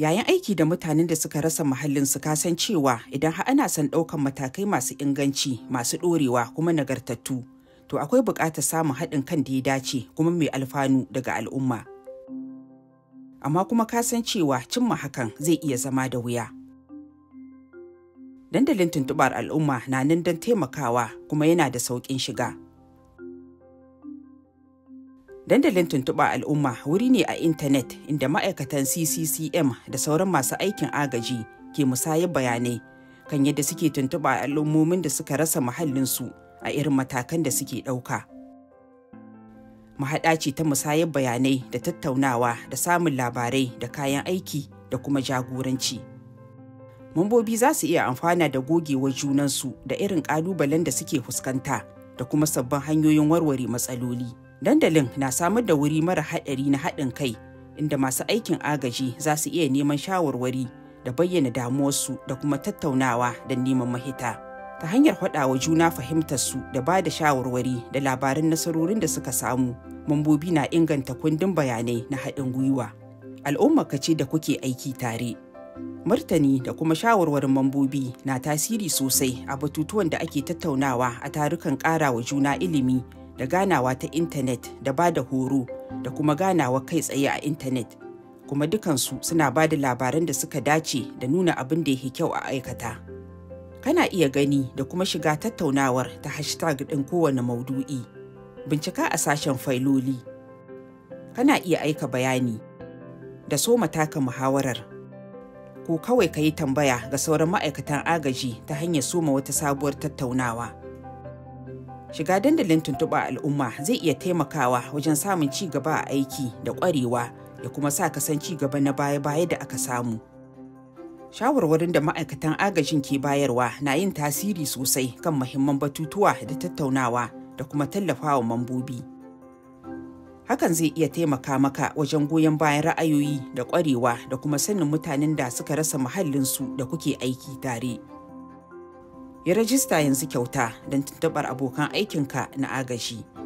yayin aiki da mutanen da suka rasa muhallin su kasan cewa idan har ana son ɗaukan matakai masu inganci masu ɗorewa kuma nagartattu to akwai buƙatar samun haɗin kan da ya dace kuma mai alfanu daga al'umma amma kuma kasan cewa cimma hakan zai iya zama da wuya dandalin tuntubar al'umma na nan don taimakawa kuma yana da sauƙin shiga Dandalin tuntuɓa al'umma wuri ne a intanet inda ma'aikatan CCCM da sauran masu aikin agaji ke musayar bayanai kan yadda suke tuntuɓa al'ummomin da suka rasa muhallinsu a irin matakan da suke ɗauka. Mahaɗa ce ta musayar bayanai da tattaunawa da samun labarai da kayan aiki da kuma jagoranci. Mambobi za su iya amfana da gogewar junansu da irin ƙalubalen da suke fuskanta da kuma sabbin hanyoyin warware matsaloli. Dandalin na samar da wuri mara haɗari na haɗin kai inda masu aikin agaji za su iya neman shawarwari da bayyana damuwarsu da kuma tattaunawa da neman mahita. Ta hanyar haɗawa juna fahimtarsu da ba da shawarwari da labarin nasarorin da suka samu, mambobi na inganta kundin bayanai na haɗin gwiwa. Al'umma ce da kuke aiki tare. Martani da kuma shawarwarin mambobi na tasiri sosai a batutuwan da ake tattaunawa a tarukan ƙarawa juna ilimi da ganawa ta intanet da ba da horo da kuma ganawa kai tsaye a intanet kuma dukansu suna ba da labaran da suka dace da nuna abin da yake kyau a aikata kana iya gani da kuma shiga tattaunawar ta hashtag ɗin kowane maudu'i bincika a sashen failoli kana iya aika bayani da so taka muhawarar ko kawai ka yi tambaya ga sauran ma'aikatan agaji ta hanyar soma wata sabuwar tattaunawa. Shiga dandalin tuntuɓa al'umma zai iya taimakawa wajen samun ci gaba a aiki da ƙwarewa da kuma sa ka san ci gaba na baya-baya da aka samu. Shawarwarin da ma'aikatan agajin ke bayarwa na yin tasiri sosai kan muhimman batutuwa da tattaunawa da kuma tallafawa mambobi. Hakan zai iya taimaka maka wajen goyon bayan ra'ayoyi da ƙwarewa da kuma sanin mutanen da suka rasa muhallinsu da kuke aiki tare. Ya rajista yanzu kyauta don tuntuɓar abokan aikinka na agaji